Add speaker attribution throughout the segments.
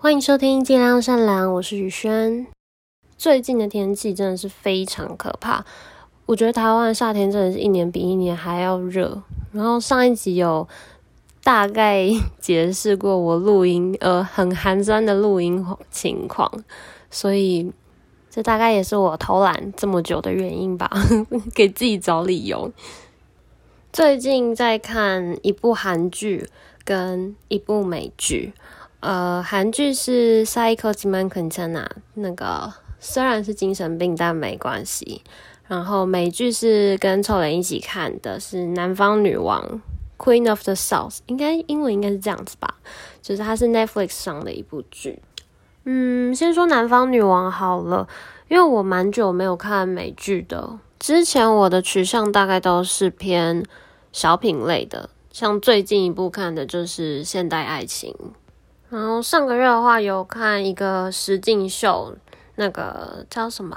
Speaker 1: 歡迎收聽《盡量善良》，我是雨軒。最近的天氣真的是非常可怕，我覺得台灣的夏天真的是一年比一年還要熱。然後上一集有大概解釋過我錄音，呃，很寒酸的錄音情況，所以。這大概也是我偷懶這麼久的原因吧， 給自己找理由。最近在看一部韓劇跟一部美劇，呃，韓劇是《p s y c h o l o i c a c o n t i n 啊，那個雖然是精神病，但沒關係。然後美劇是跟臭人一起看的，是《南方女王》（Queen of the South），應該英文應該是這樣子吧，就是它是 Netflix 上的一部劇。嗯，先說南方女王好了，因為我蠻久沒有看美劇的。之前我的取向大概都是偏小品類的，像最近一部看的就是《現代愛情》，然後上個月的話有看一個實境秀，那個叫什麼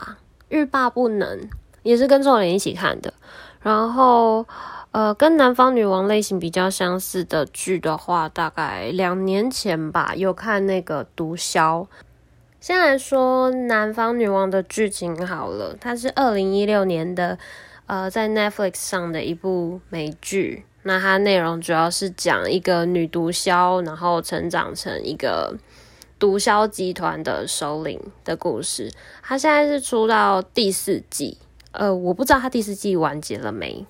Speaker 1: 《慾罷不能》，也是跟周董一起看的，然後。呃，跟《南方女王》類型比較相似的劇的話，大概兩年前吧，有看那個《毒梟》。先來說《南方女王》的劇情好了，它是二零一六年的，呃，在 Netflix 上的一部美劇。那它內容主要是講一個女毒梟，然後成長成一個毒梟集團的首領的故事。它現在是出到第四季，呃，我不知道它第四季完結了沒。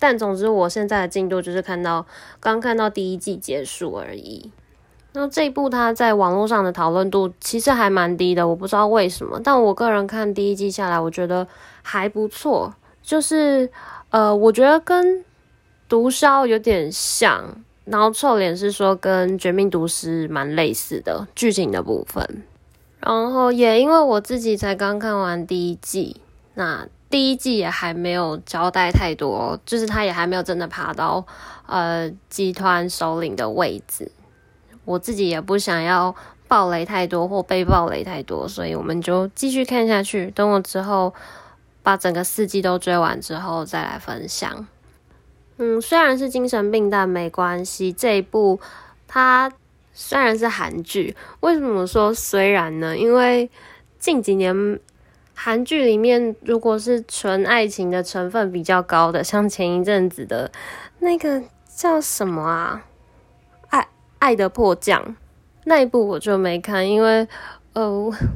Speaker 1: 但總之，我現在的進度就是看到剛看到第一季結束而已。那這一部它在網絡上的討論度其實還蠻低的，我不知道為什麼。但我個人看第一季下來，我覺得還不錯。就是呃，我覺得跟毒梟有點像，然後臭臉是說跟絕命毒師蠻類似的劇情的部分。然後也因為我自己才剛看完第一季，那。第一季也還沒有交代太多，就是他也還沒有真的爬到呃集團首領的位置。我自己也不想要爆雷太多或被爆雷太多，所以我們就繼續看下去。等我之後把整個四季都追完之後再來分享。嗯，雖然是精神病，但沒關係。這一部它雖然是韓劇，為什麼說雖然呢？因為近幾年。韓劇裡面，如果是純愛情的成分比較高的，像前一陣子的那個叫什麼啊，愛《愛愛的迫降》那一部我就沒看，因為呃，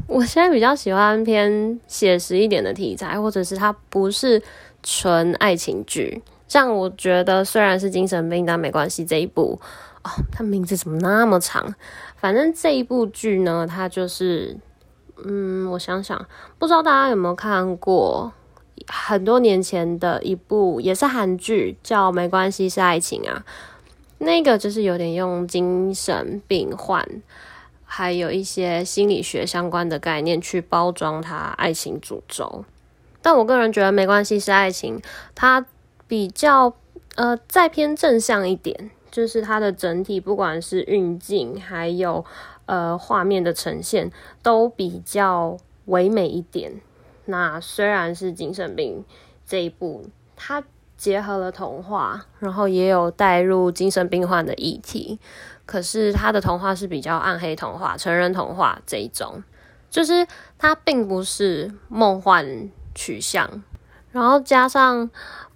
Speaker 1: 我現在比較喜歡偏寫實一點的題材，或者是它不是純愛情劇。像我覺得雖然是精神病，但沒關係。這一部哦，它名字怎麼那麼長？反正這一部劇呢，它就是。嗯，我想想，不知道大家有沒有看過很多年前的一部也是韓劇，叫《沒關係是愛情》啊。那個就是有點用精神病患，還有一些心理學相關的概念去包裝它愛情主軸。但我個人覺得《沒關係是愛情》，它比較呃再偏正向一點，就是它的整體，不管是運鏡，還有。呃，畫面的呈現都比較唯美一點。那雖然是精神病這一部，它結合了童話，然後也有帶入精神病患的議題。可是它的童話是比較暗黑童話、成人童話這一種，就是它並不是夢幻取向。然後加上，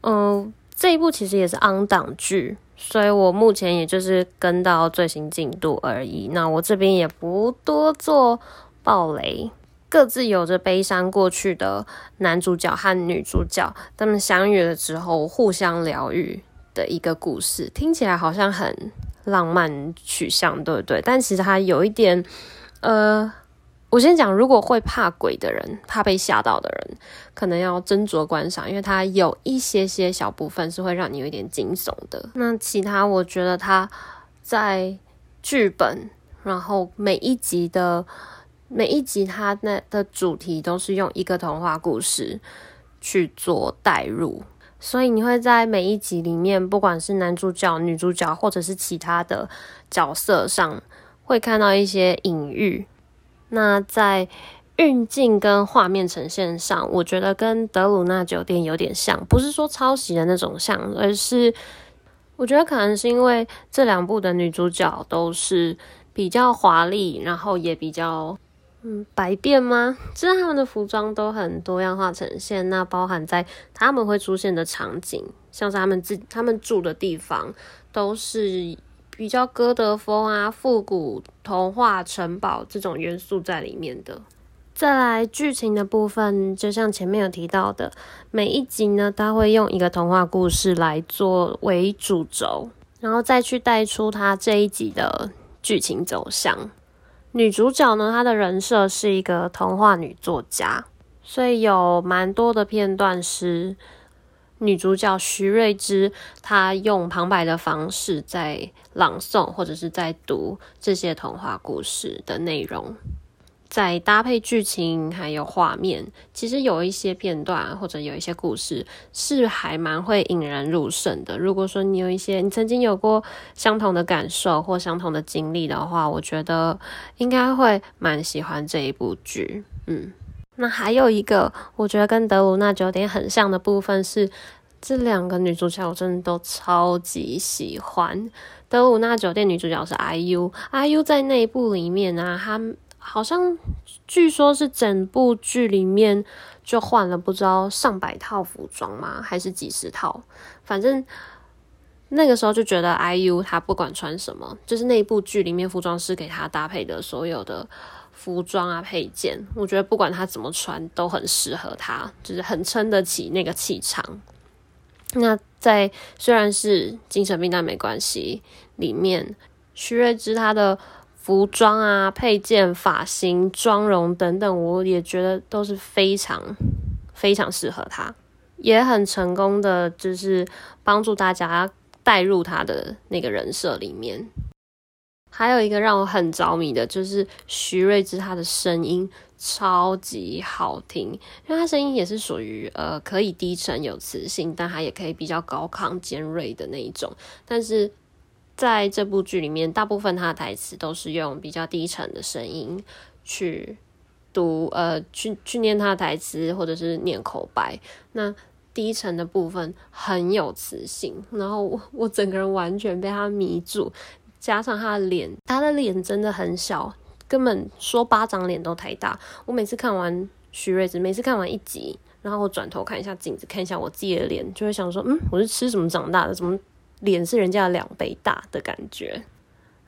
Speaker 1: 嗯、呃。這一部其實也是 on 檔劇，所以我目前也就是跟到最新進度而已。那我這邊也不多做暴雷，各自有着悲傷過去的男主角和女主角，他們相遇了之後互相療癒的一個故事，聽起來好像很浪漫取向，對不對？但其實它有一點，呃。我先講，如果會怕鬼的人，怕被嚇到的人，可能要斟酌觀賞，因為它有一些些小部分是會讓你有一點驚悚的。那其他，我覺得它在劇本，然後每一集的每一集，它的的主題都是用一個童話故事去做代入，所以你會在每一集裡面，不管是男主角、女主角，或者是其他的角色上，會看到一些隱喻。那在運鏡跟畫面呈現上，我覺得跟德魯納酒店有點像，不是說抄襲的那種像，而是我覺得可能是因為這兩部的女主角都是比較華麗，然後也比較嗯百變嗎？就是他們的服裝都很多樣化呈現，那包含在他們會出現的場景，像是他們自他們住的地方，都是。比較歌德風啊，復古童話城堡這種元素在裡面的。再來劇情的部分，就像前面有提到的，每一集呢，他會用一個童話故事來作為主軸，然後再去帶出他這一集的劇情走向。女主角呢，她的人設是一個童話女作家，所以有蠻多的片段是。女主角徐睿知，她用旁白的方式在朗誦或者是在讀這些童話故事的內容，再搭配劇情還有畫面，其實有一些片段或者有一些故事是還蠻會引人入勝的。如果說你有一些你曾經有過相同的感受或相同的經歷的話，我覺得應該會蠻喜歡這一部劇，嗯。那還有一個，我覺得跟《德魯納酒店》很像的部分是，這兩個女主角我真的都超級喜歡。《德魯納酒店》女主角是 IU，IU IU 在那一部裡面啊，她好像據說是整部劇裡面就換了不知道上百套服裝嗎？還是幾十套？反正那個時候就覺得 IU 她不管穿什麼，就是那一部劇裡面服裝師給她搭配的所有的。服裝啊，配件，我覺得不管他怎麼穿都很適合他，就是很撐得起那個氣場。那在雖然是精神病，但沒關係。裡面徐睿知他的服裝啊、配件、髮型、妝容等等，我也覺得都是非常非常適合他，也很成功的，就是幫助大家帶入他的那個人設裡面。還有一個讓我很着迷的，就是徐睿知，他的聲音超級好聽，因為他聲音也是屬於呃可以低沉有磁性，但他也可以比較高亢尖銳的那一種。但是在這部劇裡面，大部分他的台詞都是用比較低沉的聲音去讀，呃，去去念他的台詞或者是念口白。那低沉的部分很有磁性，然後我我整個人完全被他迷住。加上他的臉，他的臉真的很小，根本說巴掌臉都太大。我每次看完徐睿知，每次看完一集，然後我轉頭看一下鏡子，看一下我自己的臉，就會想說，嗯，我是吃什麼長大的？怎麼臉是人家的兩倍大的感覺？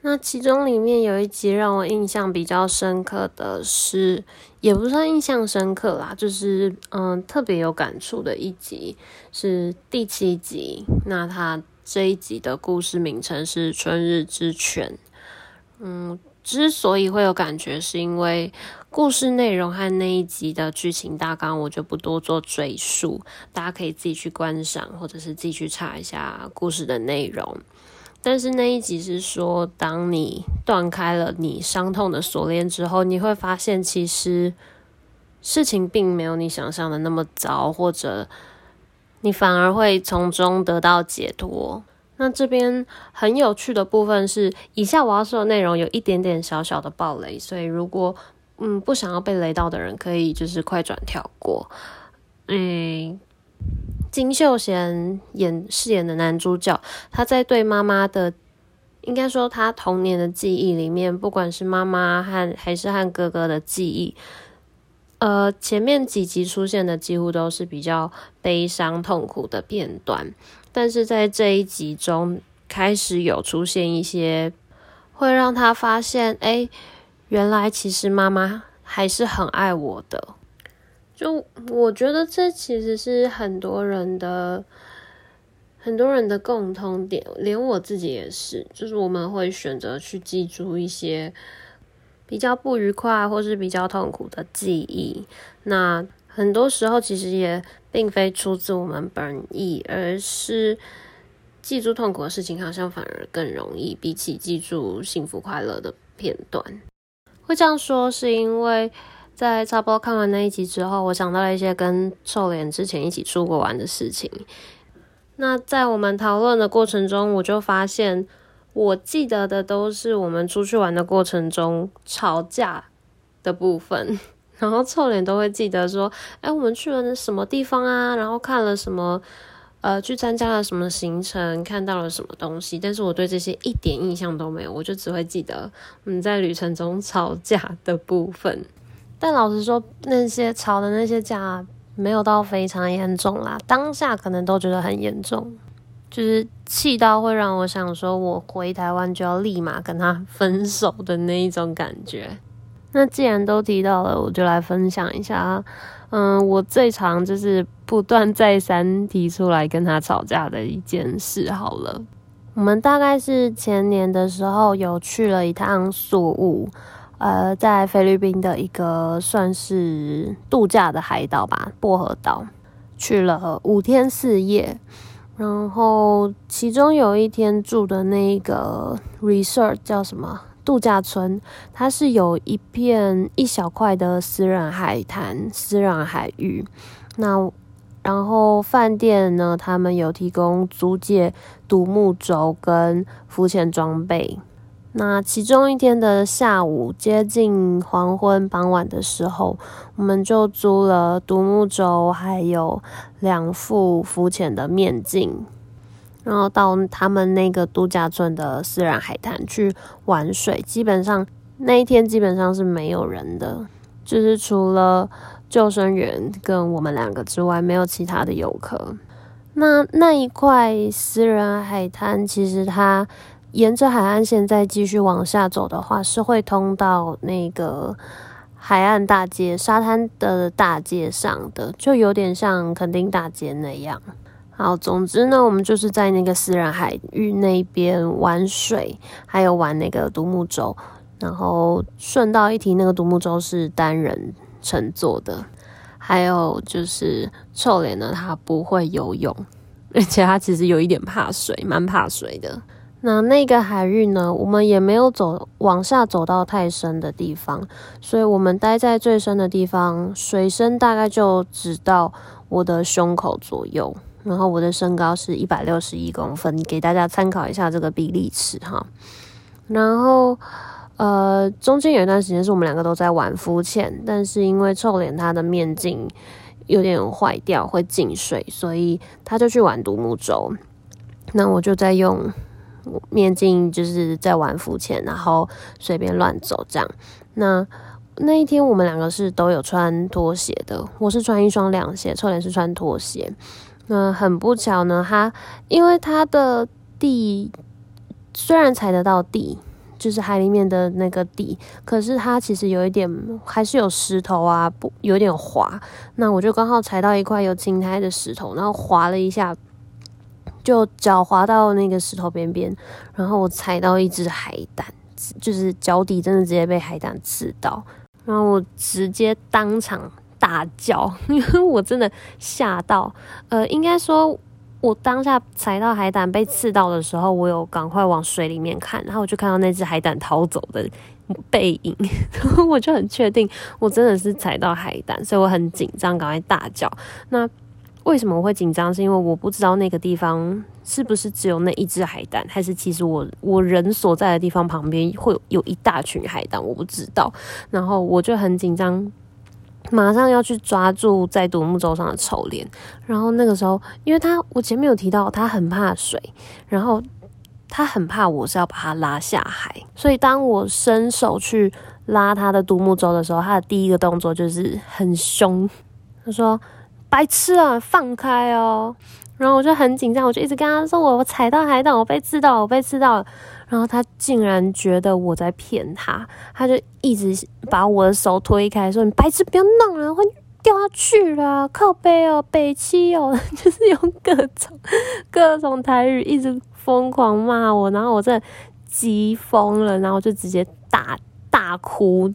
Speaker 1: 那其中裡面有一集讓我印象比較深刻的是，也不算印象深刻啦，就是嗯，特別有感觸的一集是第七集。那他。這一集的故事名稱是《春日之泉》。嗯，之所以會有感覺，是因為故事內容和那一集的劇情大綱，我就不多做贅述，大家可以自己去觀賞，或者是自己去查一下故事的內容。但是那一集是說，當你斷開了你傷痛的鎖鏈之後，你會發現，其實事情並沒有你想象的那麼糟，或者。你反而會從中得到解脫。那這邊很有趣的部分是，以下我要說的內容有一點點小小的暴雷，所以如果嗯不想要被雷到的人，可以就是快轉跳過。嗯，金秀賢演飾演的男主角，他在對媽媽的，應該說他童年的記憶裡面，不管是媽媽和還是和哥哥的記憶。呃，前面幾集出現的幾乎都是比較悲傷、痛苦的片段，但是在這一集中開始有出現一些，會讓他發現，哎、欸，原來其實媽媽還是很愛我的。就我覺得這其實是很多人的很多人的共通點，連我自己也是，就是我們會選擇去記住一些。比較不愉快或是比較痛苦的記憶，那很多時候其實也並非出自我們本意，而是記住痛苦的事情好像反而更容易，比起記住幸福快樂的片段。會這樣說是因為，在差不多看完那一集之後，我想到了一些跟臭臉之前一起出國玩的事情。那在我們討論的過程中，我就發現。我記得的都是我們出去玩的過程中吵架的部分，然後臭臉都會記得說：“哎、欸，我們去了什麼地方啊？然後看了什麼？呃，去參加了什麼行程，看到了什麼東西？”但是我對這些一點印象都沒有，我就只會記得我們在旅程中吵架的部分。但老實說，那些吵的那些架沒有到非常嚴重啦，當下可能都覺得很嚴重。就是氣到會讓我想說，我回台灣就要立馬跟他分手的那一種感覺。那既然都提到了，我就來分享一下。嗯，我最常就是不斷再三提出來跟他吵架的一件事。好了，我們大概是前年的時候有去了一趟宿霧，呃，在菲律賓的一個算是度假的海島吧，薄荷島，去了五天四夜。然後，其中有一天住的那個 resort 叫什麼度假村，它是有一片一小塊的私人海灘、私人海域。那然後飯店呢，他們有提供租借獨木舟跟浮潛裝備。那其中一天的下午，接近黃昏、傍晚的時候，我們就租了獨木舟，還有兩副浮潛的面鏡，然後到他們那個度假村的私人海灘去玩水。基本上那一天基本上是沒有人的，就是除了救生員跟我們兩個之外，沒有其他的遊客。那那一塊私人海灘其實它。沿着海岸線再繼續往下走的話，是會通到那個海岸大街、沙灘的大街上的，就有點像墾丁大街那樣。好，總之呢，我們就是在那個私人海域那邊玩水，還有玩那個獨木舟。然後順道一提，那個獨木舟是單人乘坐的。還有就是臭臉呢，他不會游泳，而且他其實有一點怕水，蠻怕水的。那那個海域呢，我們也沒有走，往下走到太深的地方，所以我們待在最深的地方，水深大概就只到我的胸口左右。然後我的身高是一百六十一公分，給大家參考一下這個比例尺哈。然後，呃，中間有一段時間是我們兩個都在玩浮潛，但是因為臭臉他的面鏡有點壞掉，會進水，所以他就去玩獨木舟。那我就在用。面鏡就是在玩浮潛，然後隨便亂走這樣。那那一天我們兩個是都有穿拖鞋的，我是穿一雙涼鞋，臭臉是穿拖鞋。那很不巧呢，他因為他的地雖然踩得到地，就是海裡面的那個地，可是他其實有一點還是有石頭啊，不有點滑。那我就剛好踩到一塊有青苔的石頭，然後滑了一下。就腳滑到那個石頭邊邊，然後我踩到一隻海膽，就是腳底真的直接被海膽刺到，然後我直接當場大叫，因 為我真的嚇到。呃，應該說，我當下踩到海膽被刺到的時候，我有趕快往水裡面看，然後我就看到那隻海膽逃走的背影， 我就很確定我真的是踩到海膽，所以我很緊張，趕快大叫。那。為什麼我會緊張？是因為我不知道那個地方是不是只有那一只海膽，還是其實我我人所在的地方旁邊會有一大群海膽，我不知道。然後我就很緊張，馬上要去抓住在獨木舟上的醜臉。然後那個時候，因為他我前面有提到他很怕水，然後他很怕我是要把他拉下海，所以當我伸手去拉他的獨木舟的時候，他的第一個動作就是很兇，他說。白痴啊！放開哦！然後我就很緊張，我就一直跟他說：“我我踩到，海膽，我被刺到了，我被刺到。”然後他竟然覺得我在騙他，他就一直把我的手推開，說：“你白痴，不要弄了、啊，會掉下去了靠北哦，北七哦。”就是用各種各種台語一直瘋狂罵我，然後我真的急瘋了，然後我就直接大大哭。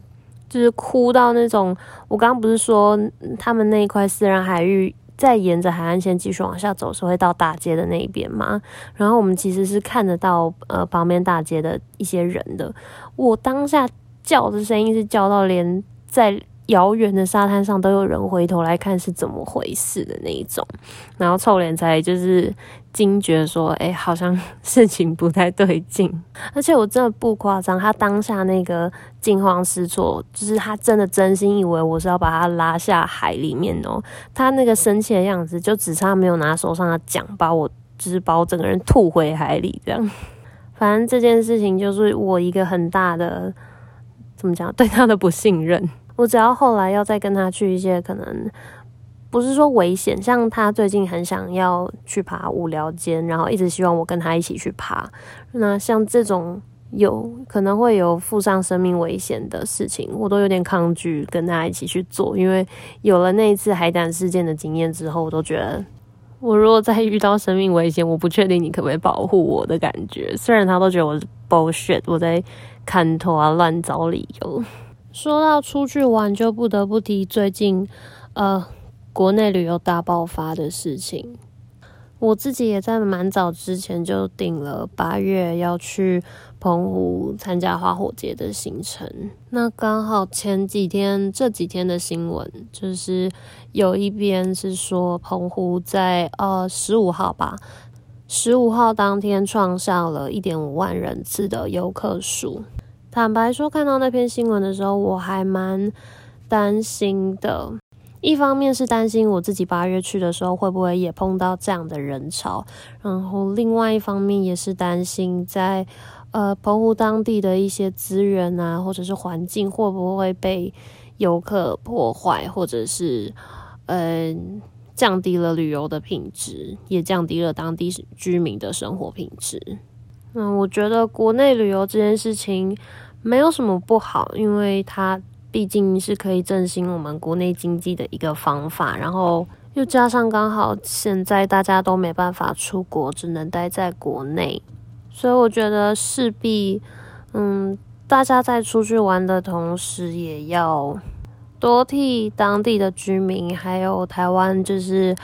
Speaker 1: 就是哭到那種，我剛剛不是說他們那一塊私人海域，再沿着海岸線繼續往下走是會到大街的那一邊嗎？然後我們其實是看得到呃旁邊大街的一些人的，我當下叫的聲音是叫到連在。遙遠的沙灘上都有人回頭來看是怎麼回事的那一種，然後臭臉才就是驚覺說：“哎、欸，好像事情不太對勁。”而且我真的不誇張，他當下那個驚慌失措，就是他真的真心以為我是要把他拉下海裡面哦。他那個生氣的樣子，就只差沒有拿手上的槳把我就是把我整個人吐回海裡這樣。反正這件事情就是我一個很大的怎麼講，對他的不信任。我只要後來要再跟他去一些可能不是說危險，像他最近很想要去爬五寮尖，然後一直希望我跟他一起去爬。那像這種有可能會有附上生命危險的事情，我都有點抗拒跟他一起去做，因為有了那一次海膽事件的經驗之後，我都覺得我如果再遇到生命危險，我不確定你可不可以保護我的感覺。雖然他都覺得我是 bullshit，我在看透啊亂找理由。說到出去玩，就不得不提最近，呃，國內旅遊大爆發的事情。我自己也在蠻早之前就訂了八月要去澎湖參加花火節的行程。那剛好前幾天這幾天的新聞，就是有一邊是說澎湖在呃十五號吧，十五號當天創下了一點五萬人次的遊客數。坦白說，看到那篇新聞的時候，我還蠻擔心的。一方面是擔心我自己八月去的時候會不會也碰到這樣的人潮，然後另外一方面也是擔心在呃澎湖當地的一些資源啊，或者是環境會不會被遊客破壞，或者是嗯、呃、降低了旅遊的品質，也降低了當地居民的生活品質。嗯，我覺得國內旅遊這件事情沒有什麼不好，因為它畢竟是可以振興我們國內經濟的一個方法。然後又加上剛好現在大家都沒辦法出國，只能待在國內，所以我覺得勢必嗯，大家在出去玩的同時，也要多替當地的居民，還有台灣，就是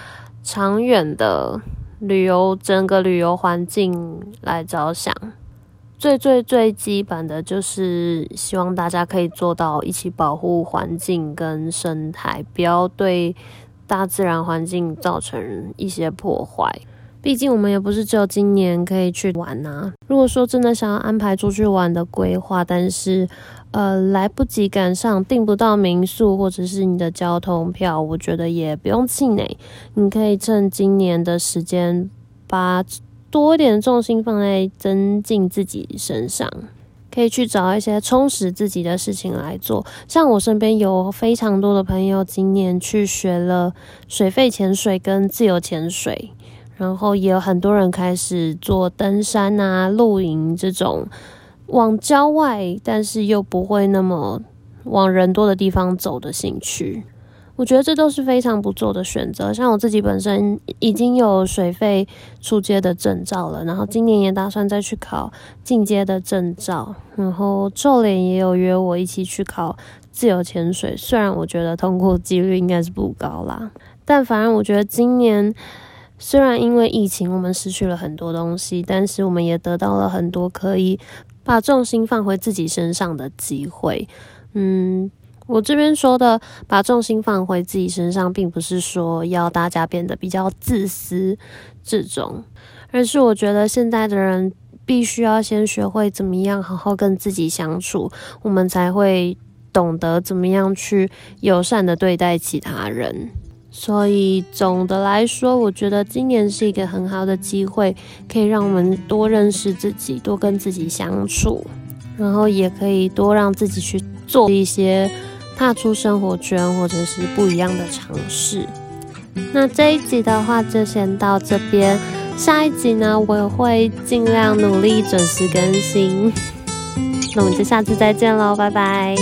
Speaker 1: 長遠的。旅遊，整個旅遊環境來着想，最最最基本的就是希望大家可以做到一起保護環境跟生態，不要對大自然環境造成一些破壞。畢竟我們也不是只有今年可以去玩吶、啊。如果說真的想要安排出去玩的規劃，但是，呃，來不及趕上訂不到民宿，或者是你的交通票，我覺得也不用氣餒。你可以趁今年的時間，把多一點重心放在增進自己身上，可以去找一些充實自己的事情來做。像我身邊有非常多的朋友，今年去學了水肺潛水跟自由潛水。然後也有很多人開始做登山啊、露營這種往郊外，但是又不會那麼往人多的地方走的興趣。我覺得這都是非常不錯的選擇。像我自己本身已經有水肺初階的證照了，然後今年也打算再去考進階的證照。然後周磊也有約我一起去考自由潛水，雖然我覺得通過幾率應該是不高啦，但反正我覺得今年。雖然因為疫情我們失去了很多東西，但是我們也得到了很多可以把重心放回自己身上的機會。嗯，我這邊說的把重心放回自己身上，並不是說要大家變得比較自私這種，而是我覺得現在的人必須要先學會怎麼樣好好跟自己相處，我們才會懂得怎麼樣去友善的對待其他人。所以總的來說，我覺得今年是一個很好的機會，可以讓我們多認識自己，多跟自己相處，然後也可以多讓自己去做一些踏出生活圈或者是不一樣的嘗試。那這一集的話就先到這邊，下一集呢，我也會盡量努力準時更新。那我們就下次再見嘍，拜拜。